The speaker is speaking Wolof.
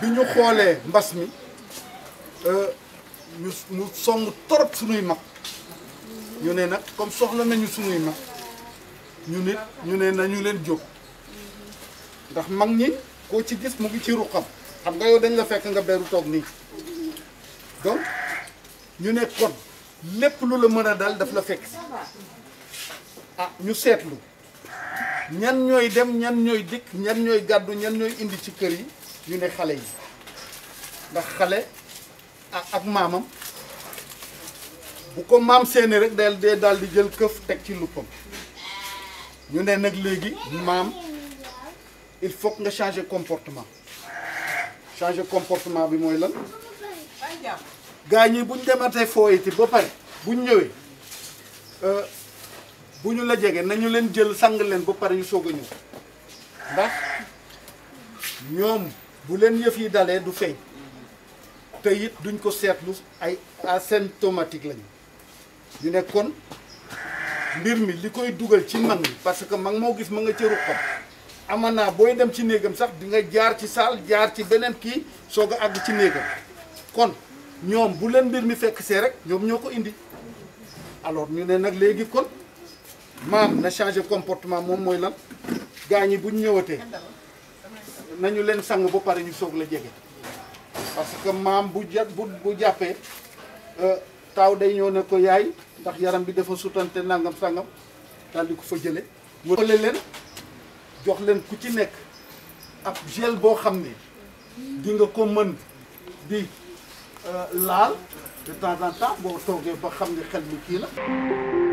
bi ñu xoolee mbas mi euh, ñu mu song torop suñuy mag ñu ne nag comme soxla nañu suñuy mag ñu nit ñu ne nañu leen jóg ndax mag ñi koo ci gis mu ngi ci ruqam xam nga yow dañ la fekk nga beru toog nii donc ñu ne kon lépp lu la mën a dal daf la fekk ah ñu seetlu ñan ñooy dem ñan ñooy dikk ñan ñooy gàddu ñan ñooy indi ci kër yi yu ne xale yi ndax xale ak maamam bu ko maam seeni rek dal dee daal di jël këf teg ci luppam ñu ne nag léegi maam il faut nga changer comportement changer comportement bi mooy lan gaa ñi buñ dematee fooyiti ba pare buñ ñëwee euh, bu ñu la jege nañu leen jël sang leen ba pare ñu soog a ñëw ndax ñoom bu leen yëf yi dalee du feeñ te it duñ ko seetlu ay asymptomatique lañu ñu ne kon mbir mi li koy dugal ci mag mi parce que mag moo gis ma nga cëru xam amanaa booy dem ci néegam sax di nga jaar ci saal jaar ci beneen kii soog a àgg ci néegam kon ñoom bu leen mbir mi fekk see rek ñoom ñoo ko indi alors ñu ne nag léegi kon maam na changer comportement moom mooy lan gaa ñi bu ñu ñëwatee nañu leen sang ba pare ñu soog la jege parce que maam bu ja bu bu jàppee euh, taw day ñëw ne ko yaay ndax yaram bi dafa sutante nangam sangam daal di ko fa jële wële leen jox leen ku ci nekk ab gel boo xam ne di nga ko mën di euh, laal de temps en temps boo toogee ba xam ne xel mi kii la